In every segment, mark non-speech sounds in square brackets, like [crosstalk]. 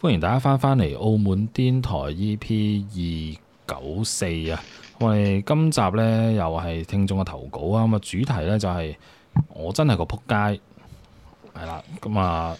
歡迎大家翻返嚟澳門電台 EP 二九四啊！喂，今集咧又係聽眾嘅投稿啊，咁啊主題咧就係、是、我真係個撲街係啦，咁啊、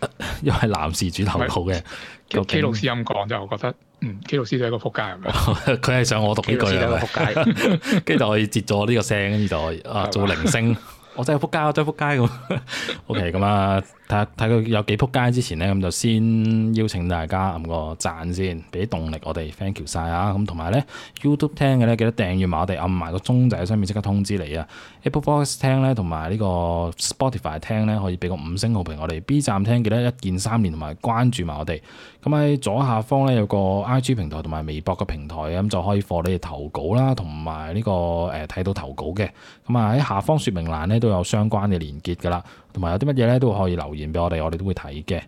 嗯、因為男事主投稿嘅，叫是警 K, K 老師咁講就我覺得嗯 K 老師就係個撲街，係咪？佢係想我讀呢句啊？跟住 [laughs] [laughs] 我接咗呢個聲，跟住就啊做鈴聲，我真係撲街， [laughs] 我真係撲街咁。OK，咁、嗯、啊。 [laughs] 睇睇佢有幾仆街之前呢，咁就先邀請大家按個讚先，俾啲動力我哋 thank you 晒啊！咁同埋呢 YouTube 聽嘅呢，記得訂閱埋我哋，按埋個鐘仔，上面即刻通知你啊！Apple Fox 聽呢，同埋呢個 Spotify 聽呢，可以俾個五星好評我哋。B 站聽記得一鍵三連同埋關注埋我哋。咁喺左下方呢，有個 IG 平台同埋微博嘅平台嘅，咁就可以放你哋投稿啦，同埋呢個誒睇、呃、到投稿嘅。咁啊喺下方說明欄呢，都有相關嘅連結噶啦。同埋有啲乜嘢咧都可以留言俾我哋，我哋都會睇嘅。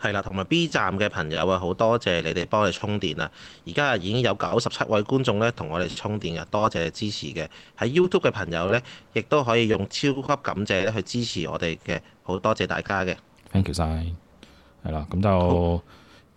係啦，同埋 B 站嘅朋友啊，好多謝你哋幫我哋充電啦！而家已經有九十七位觀眾咧同我哋充電嘅，多謝你支持嘅。喺 YouTube 嘅朋友咧，亦都可以用超級感謝咧去支持我哋嘅，好多謝大家嘅。thank you 晒，係啦，咁好就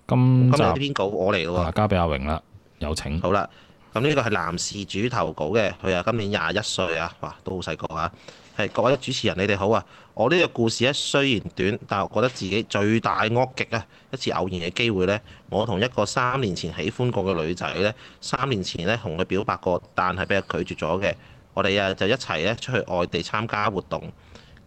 今集篇稿我嚟咯，交俾、啊、阿榮啦，有請。好啦。咁呢個係男事主投稿嘅，佢啊今年廿一歲啊，哇都好細個啊，係各位主持人，你哋好啊。我呢個故事咧雖然短，但我覺得自己最大惡極啊。一次偶然嘅機會呢，我同一個三年前喜歡過嘅女仔呢，三年前呢同佢表白過，但係畀佢拒絕咗嘅。我哋啊就一齊咧出去外地參加活動，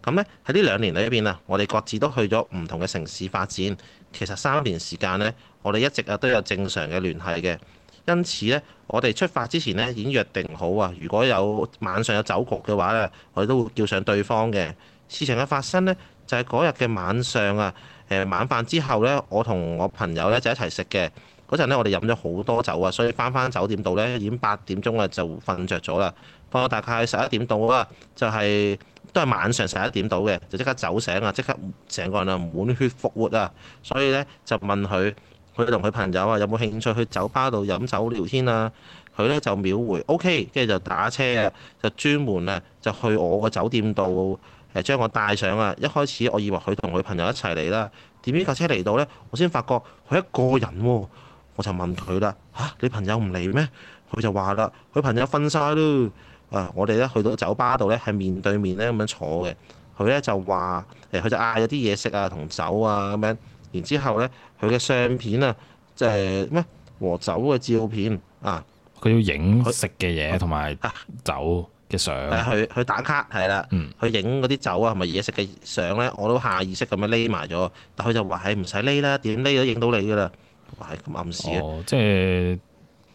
咁呢，喺呢兩年裏邊啊，我哋各自都去咗唔同嘅城市發展。其實三年時間呢，我哋一直啊都有正常嘅聯繫嘅。因此咧，我哋出發之前咧已經約定好啊。如果有晚上有酒局嘅話咧，我哋都會叫上對方嘅事情嘅發生咧，就係嗰日嘅晚上啊。誒、呃、晚飯之後咧，我同我朋友咧就一齊食嘅嗰陣咧，我哋飲咗好多酒啊，所以翻返酒店度咧已經八點鐘啊，就瞓着咗啦。瞓到大概十一點到啦，就係都係晚上十一點到嘅，就即刻酒醒啊！即刻成個人啊，滿血復活啊！所以咧就問佢。佢同佢朋友啊，有冇興趣去酒吧度飲酒聊天啊？佢呢就秒回 OK，跟住就打車啊，就專門啊，就去我個酒店度誒將我帶上啊。一開始我以為佢同佢朋友一齊嚟啦，點知架車嚟到呢，我先發覺佢一個人喎、哦。我就問佢啦：嚇、啊、你朋友唔嚟咩？佢就話啦：佢朋友瞓晒咯。啊，我哋咧去到酒吧度呢，係面對面呢咁樣坐嘅。佢呢就話佢、欸、就嗌咗啲嘢食啊同酒啊咁樣。然之後咧，佢嘅相片啊，即係咩和酒嘅照片啊，佢要影食嘅嘢同埋酒嘅相。誒，去去打卡係啦，嗯、去影嗰啲酒啊同埋嘢食嘅相咧，我都下意識咁樣匿埋咗。但佢就話：係唔使匿啦，點匿都影到你噶啦。哇，咁暗示啊、哦！即係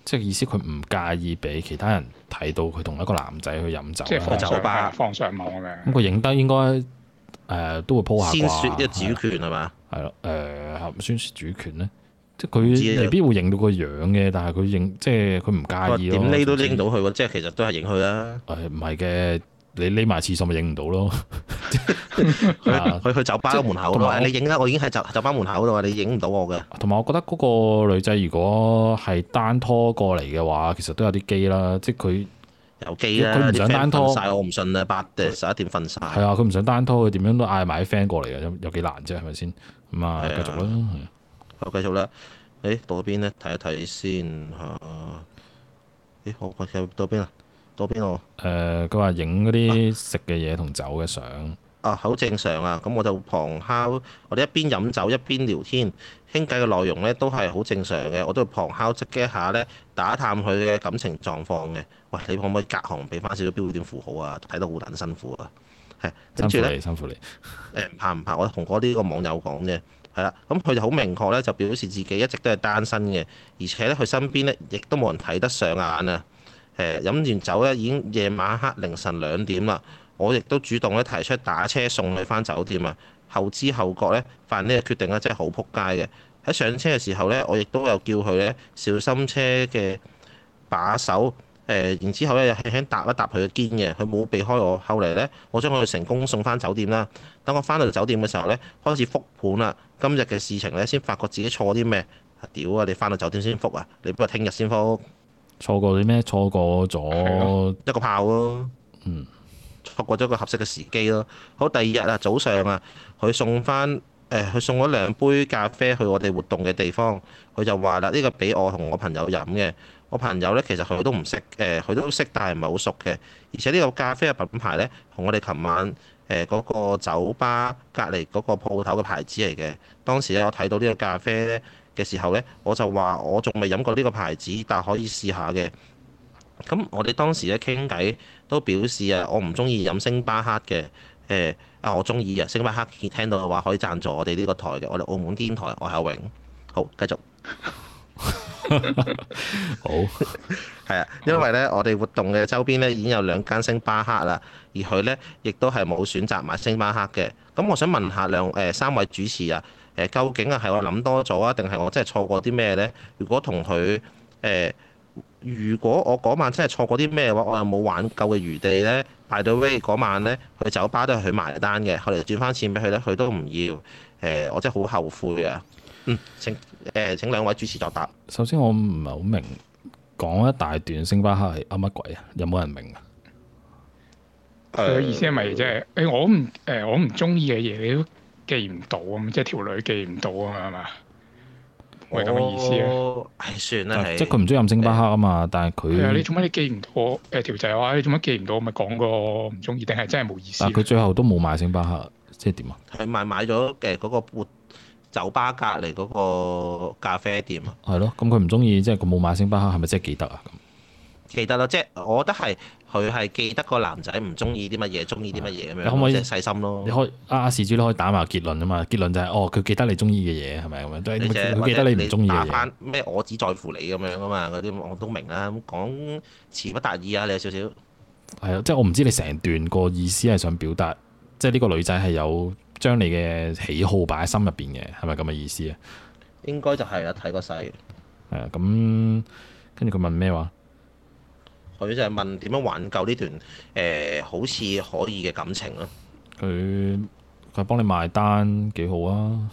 即係意思，佢唔介意俾其他人睇到佢同一個男仔去飲酒即係。放酒吧，放上網嘅。咁佢影得應該誒、呃、都會鋪下。先説一主權係嘛？係咯，誒，宣示主權咧？即係佢未必會影到個樣嘅，但係佢影，即係佢唔介意咯。點匿都拎到佢，之即係其實都係影佢啦。誒、呃，唔係嘅，你匿埋廁所咪影唔到咯。佢去酒吧門口啊！你影啦，我已經喺酒酒吧門口度你影唔到我嘅。同埋我覺得嗰個女仔如果係單拖過嚟嘅話，其實都有啲機啦。即係佢有機啦，佢唔想單拖。曬我唔信八十一點瞓曬。係啊，佢唔想單拖，佢點樣都嗌埋啲 friend 過嚟嘅，有有幾難啫、啊？係咪先？咁、嗯、啊，繼、嗯、續啦，係、哎、啊，繼續啦。誒、呃，到邊咧？睇一睇先吓。誒，我我睇到邊啊？到邊喎？誒，佢話影嗰啲食嘅嘢、同酒嘅相。啊，好正常啊。咁我就旁敲，我哋一邊飲酒一邊聊天，傾偈嘅內容咧都係好正常嘅。我都旁敲側擊下咧，打探佢嘅感情狀況嘅。喂，你可唔可以隔行俾翻少少標點符號啊？睇得好難辛苦啊。係，跟住咧，辛苦你、欸、怕唔怕？我同嗰啲個網友講啫，係啦，咁佢就好明確咧，就表示自己一直都係單身嘅，而且咧佢身邊咧亦都冇人睇得上眼啊。誒、欸、飲完酒咧，已經夜晚黑凌晨兩點啦，我亦都主動咧提出打車送佢返酒店啊。後知後覺咧，犯呢個決定咧真係好撲街嘅。喺上車嘅時候咧，我亦都有叫佢咧小心車嘅把手。誒然之後咧，又輕輕揼一揼佢嘅肩嘅，佢冇避開我。後嚟呢，我將佢成功送返酒店啦。等我返到酒店嘅時候呢，開始覆盤啦。今日嘅事情呢，先發覺自己錯啲咩？屌啊！你返到酒店先覆，覆啊！你唔好話聽日先覆。錯過啲咩？錯過咗一個炮咯。嗯。錯過咗個合適嘅時機咯。好，第二日啊，早上啊，佢送返，誒、呃，佢送咗兩杯咖啡去我哋活動嘅地方，佢就話啦：呢、這個俾我同我朋友飲嘅。我朋友咧，其實佢都唔識，誒佢都識，但係唔係好熟嘅。而且呢個咖啡嘅品牌咧，同我哋琴晚誒嗰個酒吧隔離嗰個鋪頭嘅牌子嚟嘅。當時咧，我睇到呢個咖啡咧嘅時候咧，我就話我仲未飲過呢個牌子，但係可以試下嘅。咁我哋當時咧傾偈都表示啊，我唔中意飲星巴克嘅。誒、欸、啊，我中意啊！星巴克聽到嘅話可以贊助我哋呢個台嘅，我哋澳門癲台，我係阿榮。好，繼續。 [laughs] 好，係啊，因為咧，我哋活動嘅周邊咧已經有兩間星巴克啦，而佢咧亦都係冇選擇買星巴克嘅。咁我想問下兩誒三位主持啊，誒究竟啊係我諗多咗啊，定係我真係錯過啲咩咧？如果同佢誒，如果我嗰晚真係錯過啲咩嘅話，我又冇挽救嘅餘地咧。By the way 嗰晚咧，去酒吧都係佢埋單嘅，後嚟轉翻錢俾佢咧，佢都唔要。誒、呃，我真係好後悔啊！嗯、呃，請誒請兩位主持作答。首先我唔係好明講一大段星巴克係啱乜鬼啊？有冇人明啊？佢、呃、意思係咪即係誒我唔誒、呃、我唔中意嘅嘢，你都記唔到，咁即係條女記唔到啊嘛？係嘛？係咁嘅意思、呃、啊？係算啦，即係佢唔中意飲星巴克啊嘛，呃、但係他佢你做乜、呃啊、你記唔到誒條仔話你做乜記唔到？咪、嗯、講過唔中意定係真係冇意思？佢最後都冇買星巴克，即係點啊？係咪買咗嘅嗰個、那個酒吧隔離嗰個咖啡店啊，係咯、哦，咁佢唔中意，即係佢冇買星巴克，係咪真係記得啊？記得咯，即係我覺得係佢係記得個男仔唔中意啲乜嘢，中意啲乜嘢咁樣。你可唔可以細心咯？你可以啊啊，事主都可以打埋結論啊嘛，結論就係，哦，佢記得你中意嘅嘢係咪咁樣？即係記得你唔中意嘅嘢。咩？我只在乎你咁樣啊嘛，嗰啲我都明啊。咁講詞不達意啊，你有少少係啊，即係我唔知你成段個意思係想表達，即係呢個女仔係有。將你嘅喜好擺喺心入邊嘅，係咪咁嘅意思啊？應該就係啦，睇個勢。係啊，咁跟住佢問咩話？佢就係問點樣挽救呢段誒、呃、好似可以嘅感情咯。佢佢幫你埋單幾好啊！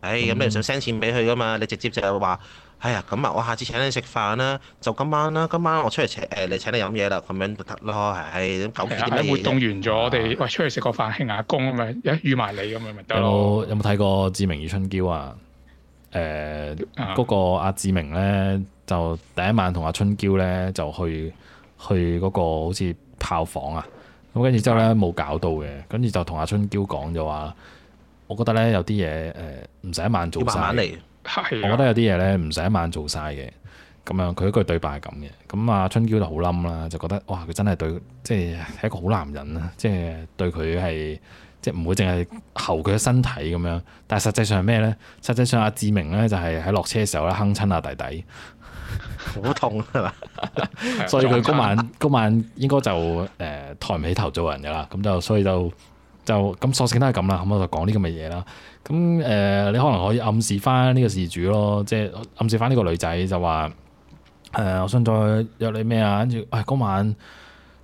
唉、哎，有咩想 send 錢俾佢噶嘛？你直接就係話。哎呀，咁啊，我下次請你食飯啦，啊，就今晚啦，啊，今晚我出嚟請誒你請你飲嘢啦，咁樣就得咯，係咁糾結活動完咗，啊、我哋喂出去食個飯慶下功啊嘛，一遇埋你咁樣咪得咯。Hello，有冇睇過《志明與春嬌》啊？誒、呃，嗰、啊、個阿、啊、志明咧，就第一晚同阿春嬌咧就去去嗰個好似炮房啊，咁跟住之後咧冇搞到嘅，跟住就同阿春嬌講就話，我覺得咧有啲嘢誒唔使一晚做曬。要慢慢嚟。啊、我覺得有啲嘢咧唔使一晚做晒嘅，咁樣佢一句對白係咁嘅。咁阿春嬌就好冧啦，就覺得哇佢真係對，即係一個好男人啦，即係對佢係即係唔會淨係候佢嘅身體咁樣。但係實際上係咩咧？實際上阿志明咧就係喺落車嘅時候咧，哼親阿弟弟，好痛啦。所以佢嗰晚嗰晚應該就誒、呃、抬唔起頭做人噶啦。咁就所以就。就咁索性都係咁啦，咁我就講呢咁嘅嘢啦。咁誒、呃，你可能可以暗示翻呢個事主咯，即係暗示翻呢個女仔就話誒、呃，我想再約你咩啊？跟住，誒、哎、嗰晚。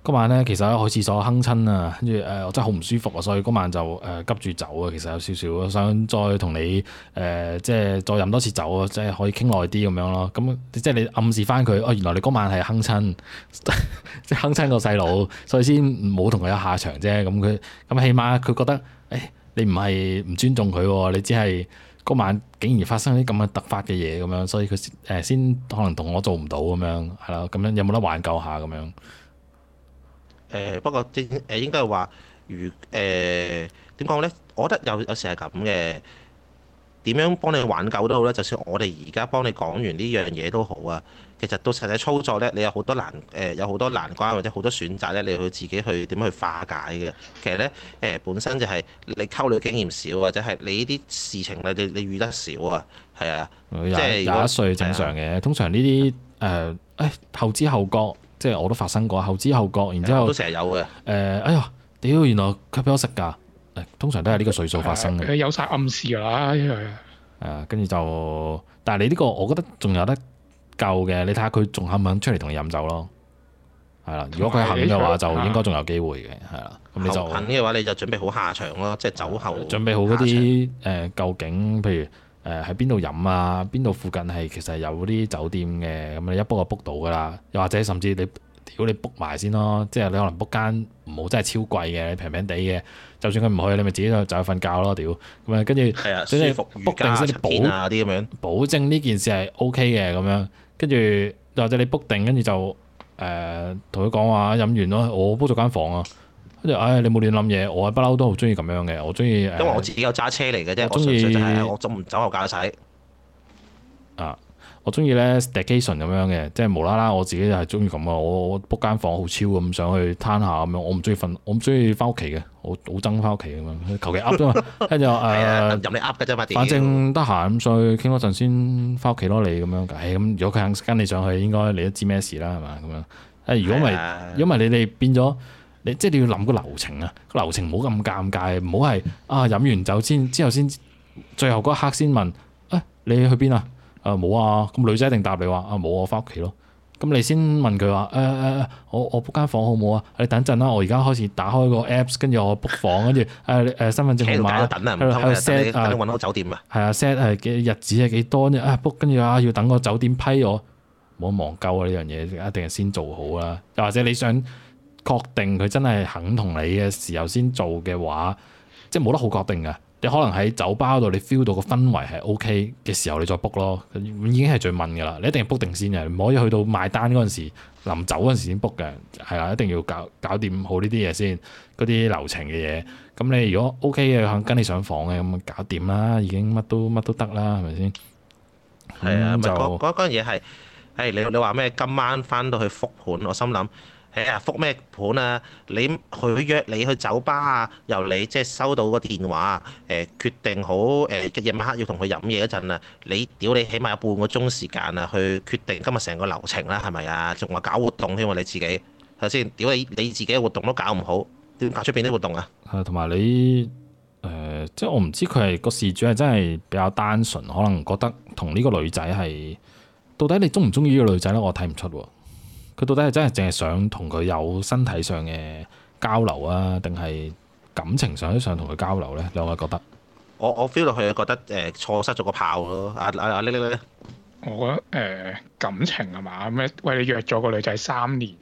嗰晚咧，其實去廁所哼親啊，跟住誒，我真係好唔舒服啊，所以嗰晚就誒、呃、急住走啊。其實有少少想再同你誒、呃，即係再飲多次酒啊，即係可以傾耐啲咁樣咯。咁即係你暗示翻佢，哦，原來你嗰晚係哼親， [laughs] 即係哼親個細佬，所以先冇同佢有下場啫。咁佢咁起碼佢覺得，誒、哎，你唔係唔尊重佢，你只係嗰晚竟然發生啲咁嘅突發嘅嘢咁樣，所以佢誒、呃、先可能同我做唔到咁樣，係咯。咁樣，樣，樣，樣，樣有冇得挽救下咁樣？誒、呃、不過正誒、呃、應該話，如誒點講咧？我覺得有有時係咁嘅，點樣幫你挽救都好咧。就算我哋而家幫你講完呢樣嘢都好啊。其實到實際操作咧，你有好多難誒、呃，有好多難關或者好多選擇咧，你要自己去點樣去化解嘅。其實咧誒、呃，本身就係你溝女經驗少，或者係你呢啲事情咧，你你遇得少啊，係啊，即係廿一歲正常嘅。的通常呢啲誒誒後知後覺。即係我都發生過後知後覺，然之後都成日有嘅。誒、呃，哎呀，屌！原來佢俾我食㗎。通常都係呢個歲數發生嘅。佢有晒暗示㗎啦。啊，跟、啊、住、啊啊啊、就，但係你呢個，我覺得仲有得救嘅。你睇下佢仲肯唔肯出嚟同你飲酒咯？係啦，如果佢肯嘅話，就應該仲有機會嘅。係啦、啊，咁你就肯嘅話，你就準備好下場咯，即係酒後。準備好嗰啲誒，究竟譬如？誒，喺邊度飲啊？邊度附近係其實有啲酒店嘅，咁、嗯、你一 book 就 book 到㗎啦。又或者甚至你屌你 book 埋先咯，即係你可能 book 間唔好真係超貴嘅，平平地嘅。就算佢唔去，你咪自己就就去瞓覺咯屌，咁啊，跟住係啊，舒服。book 定先保啊啲咁、OK、樣，保證呢件事係 O K 嘅咁樣。跟住又或者你 book 定、呃、跟住就誒同佢講話飲完咯，我 book 咗間房啊。跟住，唉、哎，你冇亂諗嘢。我不嬲都好中意咁樣嘅，我中意。因為我自己有揸車嚟嘅啫，我中意。係我唔走後駕駛、啊 [laughs] 哎。啊，我中意咧 staycation 咁樣嘅，即係無啦啦我自己就係中意咁啊！我我 book 間房好超咁上去攤下咁樣，我唔中意瞓，我唔中意翻屋企嘅，我好憎翻屋企咁樣，求其噏啫嘛。跟住誒，入你噏噶啫嘛。反正得閒咁上去傾嗰陣先翻屋企咯，你咁樣。咁如果佢肯跟你上去，應該你都知咩事啦，係嘛咁樣。唉、哎，如果唔係， [laughs] [laughs] 如果你哋變咗。你即係你要諗個流程，流程是是啊，個流程唔好咁尷尬，唔好係啊飲完酒先，之後先最後嗰一刻先問，誒、哎、你去邊啊？誒冇啊，咁女仔一定答你話啊冇啊，我翻屋企咯。咁你先問佢話誒誒，我我 book 間房好唔好啊？你等陣啦，我而家開始打開個 apps，跟住我 book 房，跟住誒誒身份證嚟買，等啊，喺度 set，等你搵到酒店啊。係啊 set 係、啊、日子係幾多呢？啊 book 跟住啊要等個酒店批我，唔好忘鳩啊呢樣嘢，一定係先做好啦。又或者你想。確定佢真係肯同你嘅時候先做嘅話，即係冇得好確定㗎。你可能喺酒吧度，你 feel 到個氛圍係 O K 嘅時候，你再 book 咯，已經係最問嘅啦。你一定 book 定先嘅，唔可以去到買單嗰陣時、臨走嗰陣時先 book 嘅。係啦，一定要搞搞掂好呢啲嘢先，嗰啲流程嘅嘢。咁你如果 O K 嘅，佢肯跟你上房嘅，咁搞掂啦，已經乜都乜都得啦，係咪先？係啊的，嗯、就嗰樣嘢係，誒你你話咩？今晚翻到去覆盤，我心諗。誒啊，復咩、哎、盤啊？你去約你去酒吧啊？由你即係收到個電話，誒、呃、決定好，誒嘅夜晚黑要同佢飲嘢嗰陣啊，你屌你起碼有半個鐘時,時間啊，去決定今日成個流程啦，係咪啊？仲話搞活動添、啊、喎你自己，係先？屌你，你自己嘅活動都搞唔好，要搞出邊啲活動啊？同埋、啊、你誒、呃，即係我唔知佢係個事主係真係比較單純，可能覺得同呢個女仔係到底你中唔中意呢個女仔呢？我睇唔出喎。佢到底係真係淨係想同佢有身體上嘅交流啊，定係感情上都想同佢交流咧？兩位覺得我我 feel 到佢覺得誒錯、呃、失咗個炮咯。阿阿阿呢呢我覺得誒、呃、感情係嘛咁喂，你約咗個女仔三年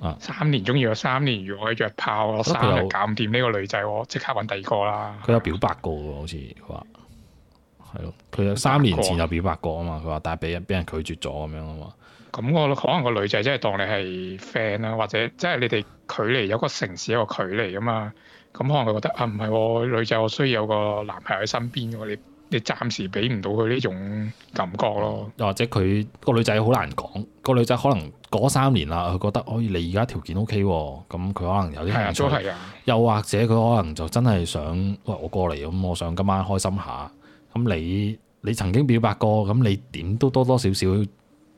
啊，三年中於咗三年，如果係約炮，我三日搞掂呢個女仔，我即刻搵第二個啦。佢有表白過噶？吧好似佢話係咯，佢三年前有表白過啊嘛。佢話但係俾人俾人拒絕咗咁樣啊嘛。咁我可能個女仔真係當你係 friend 啊，或者即係你哋距離有個城市有個距離啊嘛。咁可能佢覺得啊，唔係喎，女仔我需要有個男朋友喺身邊喎。你你暫時俾唔到佢呢種感覺咯。又或者佢、個女仔好難講，個女仔可能過三年啦，佢覺得可以、哎、你而家條件 OK 喎，咁佢可能有啲興趣。係啊，都係啊。又或者佢可能就真係想喂、哎、我過嚟咁、嗯，我想今晚開心下。咁你你曾經表白過，咁你點都多多少少。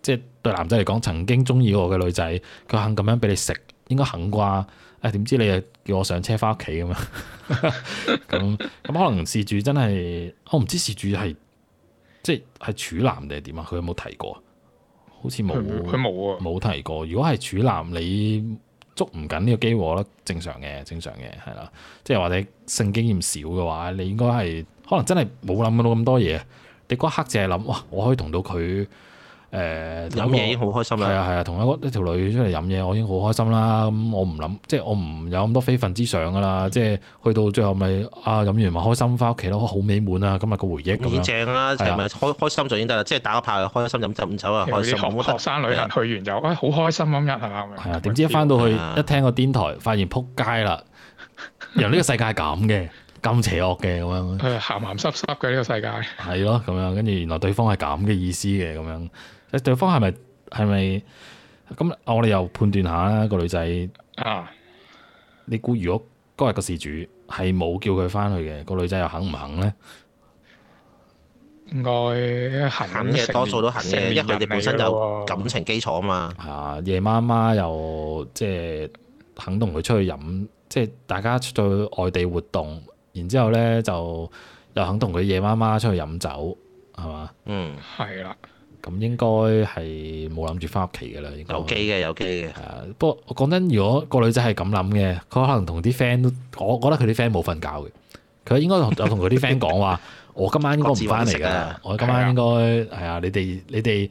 即係對男仔嚟講，曾經中意我嘅女仔，佢肯咁樣俾你食，應該肯啩？誒、哎，點知你又叫我上車翻屋企咁樣？咁咁可能事主真係，我唔知事主係即係處男定係點啊？佢有冇提過？好似冇，佢冇啊，冇提過。如果係處男，你捉唔緊呢個機會，我覺得正常嘅，正常嘅係啦。即係或者性經驗少嘅話，你應該係可能真係冇諗到咁多嘢。你嗰一刻淨係諗，哇，我可以同到佢。誒飲嘢已經好開心啦，係啊係啊，同一個一條女出嚟飲嘢，我已經好開心啦。咁、嗯、我唔諗，即係我唔有咁多非分之想噶啦。即係去到最後咪、就是、啊飲完咪開心翻屋企咯，好美滿啊！今日個回憶咁正啦，係咪開開心就已經得啦？即係打個炮又開心，飲浸酒又開心。學，學生旅行去完就喂好、啊欸、開心咁一係咪？係啊，點、啊、知一翻到去、啊、一聽個癲台，發現撲街啦！原來呢個世界係咁嘅，咁 [laughs] 邪惡嘅咁樣，鹹鹹濕濕嘅呢個世界係咯咁樣。跟住原來對方係咁嘅意思嘅咁樣。誒，對方係咪係咪咁？噉我哋又判斷下啦，個女仔。啊！你估如果嗰日個事主係冇叫佢翻去嘅，個女仔又肯唔肯呢？應該肯嘅，多數都肯嘅，因為佢哋本身有感情基礎啊嘛。呃，夜媽媽又即係肯同佢出去飲，即係大家出到外地活動，然之後呢就又肯同佢夜媽媽出去飲酒，係嘛？嗯，係啦。咁應該係冇諗住翻屋企嘅啦，應該有機嘅有機嘅。係啊、okay，okay、不過我講真，如果個女仔係咁諗嘅，佢可能同啲 friend，都……我覺得佢啲 friend 冇瞓覺嘅。佢應該有同佢啲 friend 講話，我今晚應該唔翻嚟嘅。我今晚應該係啊呀，你哋、呃、你哋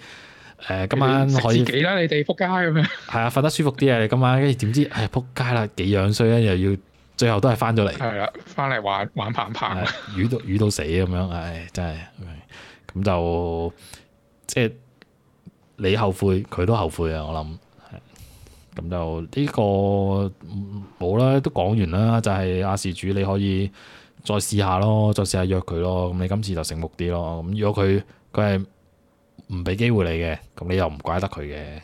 誒今晚可以自己啦。你哋撲街咁樣。係 [laughs] 啊，瞓得舒服啲啊！你今晚跟住點知係撲、哎、街啦？幾樣衰咧，又要最後都係翻咗嚟。係啦， [laughs] 翻嚟玩玩棒棒，遇 [laughs] [laughs] 到遇到死咁樣，唉，真係咁就。哎即係你後悔，佢都後悔啊！我諗係咁就呢個冇啦，都講完啦。就係阿事主，你可以再試下咯，再試下約佢咯。咁你今次就醒目啲咯。咁如果佢佢係唔俾機會你嘅，咁你又唔怪得佢嘅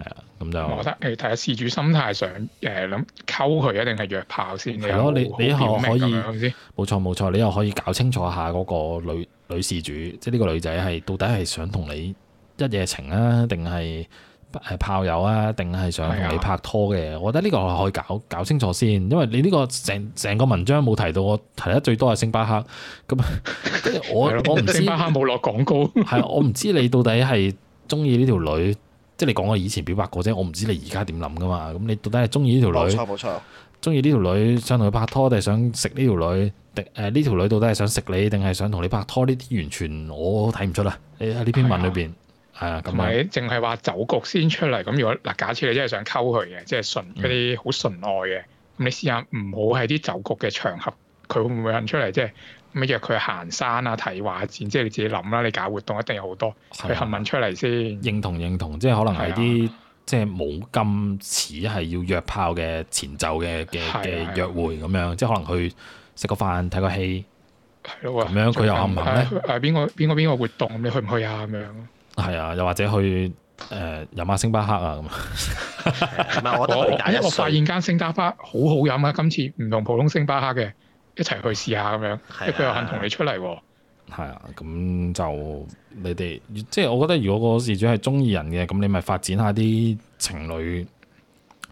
係啊。咁就我覺得你睇下事主心態上，誒諗溝佢一定係約炮先。係咯吧，你你可唔可以冇錯冇錯，你又可以搞清楚下嗰個女。女事主，即係呢個女仔係到底係想同你一夜情啊，定係係炮友啊，定係想同你拍拖嘅？的我覺得呢個可以搞搞清楚先，因為你呢個成成個文章冇提到，我提得最多係星巴克，咁跟住我的我唔知星巴克冇落廣告，係 [laughs] 我唔知你到底係中意呢條女，即係 [laughs] 你講我以前表白過啫，我唔知你而家點諗噶嘛？咁你到底係中意呢條女？冇錯冇錯。中意呢條女想同佢拍拖，定係想食呢條女？定誒呢條女到底係想食你，定係想同你拍拖？呢啲完全我睇唔出啊！你喺呢篇文裏邊，係的啊，同埋淨係話酒局先出嚟。咁如果嗱，假設你真係想溝佢嘅，即係純嗰啲好純愛嘅，咁、嗯、你試下唔好喺啲酒局嘅場合，佢會唔會肯出嚟？即係咁約佢行山啊、睇畫展，即係你自己諗啦。你搞活動一定有好多去問的問出嚟先。認同認同，即係可能係啲的。即係冇咁似係要約炮嘅前奏嘅嘅嘅約會咁樣，的即係可能去食個飯，睇個戲，咁的樣佢又肯唔肯咧？誒邊個邊個邊個活動？你去唔去啊？咁樣。係啊，又或者去誒飲、呃、下星巴克啊咁。唔係，我都一揀。 [laughs] 因為我發現間星巴克好好飲啊！今次唔同普通星巴克嘅，一齊去試下咁樣，因為佢的又肯同你出嚟喎。係啊，咁就你哋，即係我覺得如果個事主係中意人嘅，咁你咪發展下啲情侶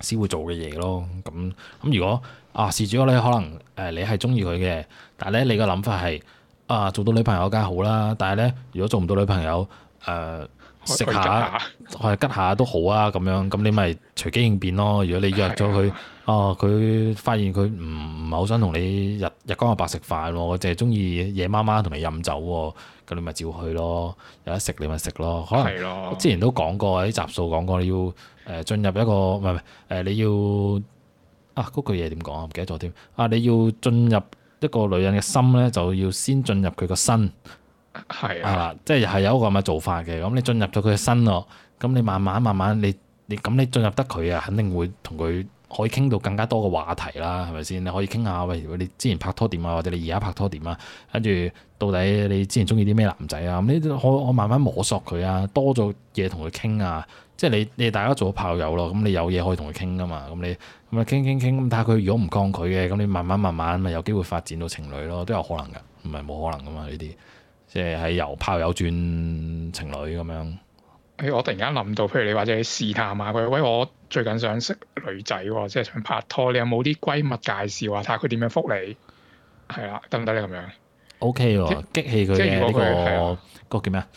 先會做嘅嘢咯。咁咁如果啊事主咧，可能誒你係中意佢嘅，但係咧你個諗法係啊做到女朋友梗係好啦，但係咧如果做唔到女朋友誒。呃食下，或係吉下都好啊！咁樣，咁你咪隨機應變咯。如果你約咗佢，的哦，佢發現佢唔係好想同你日日光日白食飯，我淨係中意夜媽媽同你飲酒，咁你咪照去咯。有得食你咪食咯。可能的之前都講過喺集數講過，你要誒進入一個，唔係唔係，誒你要啊嗰句嘢點講啊？唔記得咗添。啊，你要進入一個女人嘅心咧，就要先進入佢個身。係啊，啊，即係係有一個咁嘅做法嘅。咁你進入咗佢嘅身咯，咁你慢慢慢慢，你你咁你進入得佢啊，肯定會同佢可以傾到更加多嘅話題啦，係咪先？你可以傾下，喂，如果你之前拍拖點啊，或者你而家拍拖點啊，跟住到底你之前中意啲咩男仔啊？咁呢啲我我慢慢摸索佢啊，多咗嘢，同佢傾啊，即係你你大家做炮友咯，咁你有嘢可以同佢傾噶嘛？咁你咁啊傾傾傾，咁睇下佢如果唔抗拒嘅，咁你慢慢慢慢咪有機會發展到情侶咯，都有可能噶，唔係冇可能噶嘛呢啲。即係喺由炮友轉情侶咁樣。我突然間諗到，譬如你或者你試探下佢，喂，我最近想識女仔喎，即係想拍拖，你有冇啲閨蜜介紹話睇下佢點樣覆你？係啦，得唔得咧咁樣？O K 喎，okay，激氣佢呢個嗰的叫咩啊？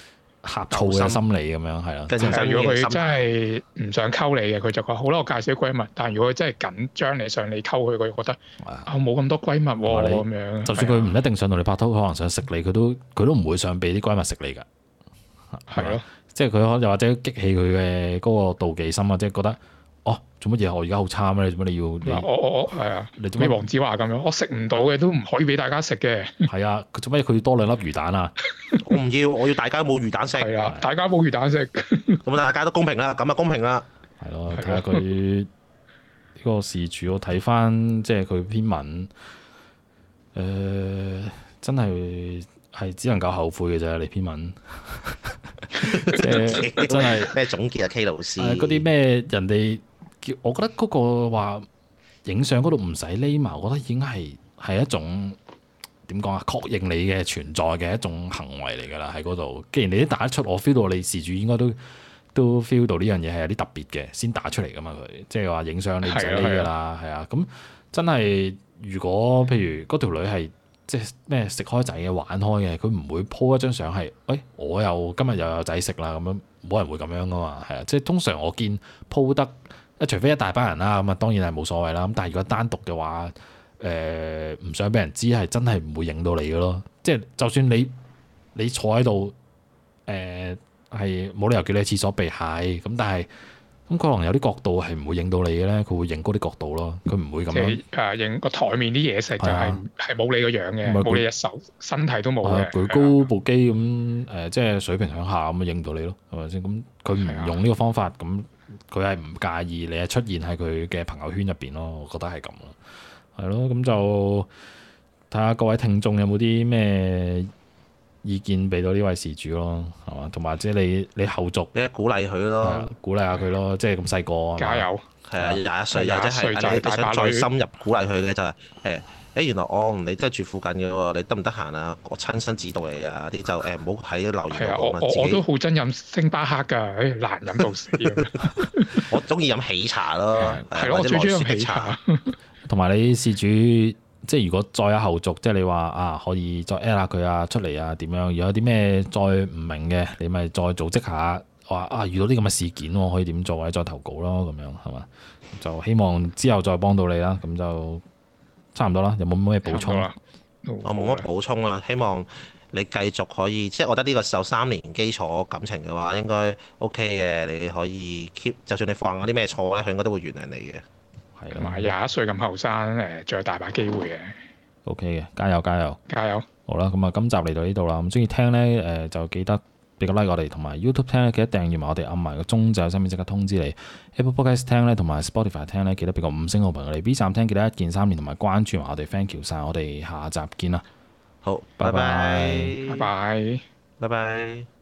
呷醋嘅心理咁樣，係啦心。的如果佢真係唔想溝你嘅，佢就話好啦，我介紹閨蜜。但係如果佢真係緊張你，上你溝佢，佢覺得啊，冇咁多閨蜜喎咁樣。就算佢唔一定想同你拍拖，可能想食你，佢都佢都唔會想俾啲閨蜜食你㗎。係咯，的的即係佢可又或者激起佢嘅嗰個妒忌心啊，即係覺得。哦、啊，做乜嘢？我而家好差咩？你做乜你要？你我我我係啊，你做咩？黃子華咁樣，我食唔到嘅，都唔可以俾大家食嘅。係 [laughs] 啊，做乜嘢？佢要多兩粒魚蛋啊！ [laughs] 我唔要，我要大家冇魚蛋食。係啊，啊大家冇魚蛋食，咁 [laughs] 大家都公平啦。咁啊，公平啦。係咯，睇下佢呢個事主，我睇翻即係佢篇文，誒、呃，真係係只能夠後悔嘅啫。你篇文，即 [laughs] 係、就是、真係咩 [laughs] 總結啊？K 老師，嗰啲咩人哋。我覺得嗰個話影相嗰度唔使匿埋，我覺得已經係係一種點講啊？確認你嘅存在嘅一種行為嚟噶啦，喺嗰度。既然你都打得出，我 feel 到你事主應該都都 feel 到呢樣嘢係有啲特別嘅，先打出嚟噶嘛，佢，即係話影相你唔使匿噶啦，係啊的。咁的真係如果譬如嗰條女係即係咩食開仔嘅玩開嘅，佢唔會 po 一張相係，喂、哎、我又今日又有仔食啦，咁樣冇人會咁樣噶嘛，係啊。即係通常我見 po 得。除非一大班人啦，咁啊，當然係冇所謂啦。咁但係如果單獨嘅話，誒、呃、唔想俾人知係真係唔會影到你嘅咯。即係就算你你坐喺度，誒係冇理由叫你喺廁所避吓。咁但係咁可能有啲角度係唔會影到你嘅咧，佢會影高啲角度咯。佢唔會咁樣。誒影個台面啲嘢食就係係冇你個樣嘅，冇的你隻手、身體都冇嘅。舉高部機咁誒，即係、uh. 水平向下咁啊，影到你咯，係咪先？咁佢唔用呢個方法咁。佢係唔介意你出現喺佢嘅朋友圈入邊咯，我覺得係咁咯，係咯，咁就睇下各位聽眾有冇啲咩意見俾到呢位事主咯，係嘛？同埋即係你你後續，你鼓勵佢咯，鼓勵下佢咯，即係咁細個加油，係啊，廿一歲又即係你想再深入鼓勵佢嘅就係誒。 [laughs] 誒原來我唔、哦，你都係住附近嘅喎，你得唔得閒啊？我親身指導你啊！啲就誒，唔好睇留言。我，己我都好憎飲星巴克㗎，難飲到死。 [laughs] [laughs] [laughs] 我中意飲喜茶咯，係咯的，我最中意飲喜茶。同埋你事主，即係如果再有後續，即係你話啊，可以再 at 下佢啊，出嚟啊，點樣？如果有啲咩再唔明嘅，你咪再組織下。話啊，遇到啲咁嘅事件，我可以點做或者再投稿咯，咁樣係嘛？就希望之後再幫到你啦，咁就。差唔多啦，又有冇乜嘢補充啊？哦、我冇乜補充啦，希望你繼續可以，即係我覺得呢個受三年基礎感情嘅話，應該 OK 嘅，你可以 keep，就算你犯咗啲咩錯咧，佢應該都會原諒你嘅。係啊嘛，廿一、嗯、歲咁後生，誒仲有大把機會嘅。OK 嘅，加油加油加油！加油好啦，咁啊，今集嚟到呢度啦，咁中意聽咧誒，就記得，俾個 like 我哋，同埋 YouTube 聽咧記得訂閱埋我哋按埋個鐘仔，有身邊即刻通知你。Apple Podcast 聽咧同埋 Spotify 聽咧記得俾個五星好評我哋。B 站聽記得一鍵三連同埋關注埋我哋 thank you 晒。我哋下集見啦。好，拜拜，拜拜，拜拜。